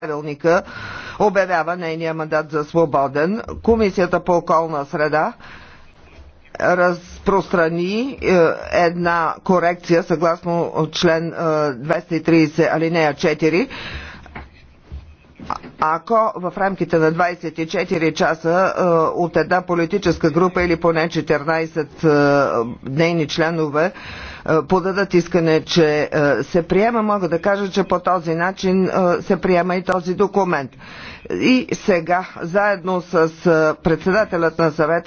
правилника обявява нейния мандат за свободен. Комисията по околна среда разпространи е, една корекция съгласно член 230 е, алинея 4 ако в рамките на 24 часа е, от една политическа група или поне 14 е, нейни членове е, подадат искане, че се приема, мога да кажа, че по този начин се приема и този документ. И сега, заедно с председателят на съвета,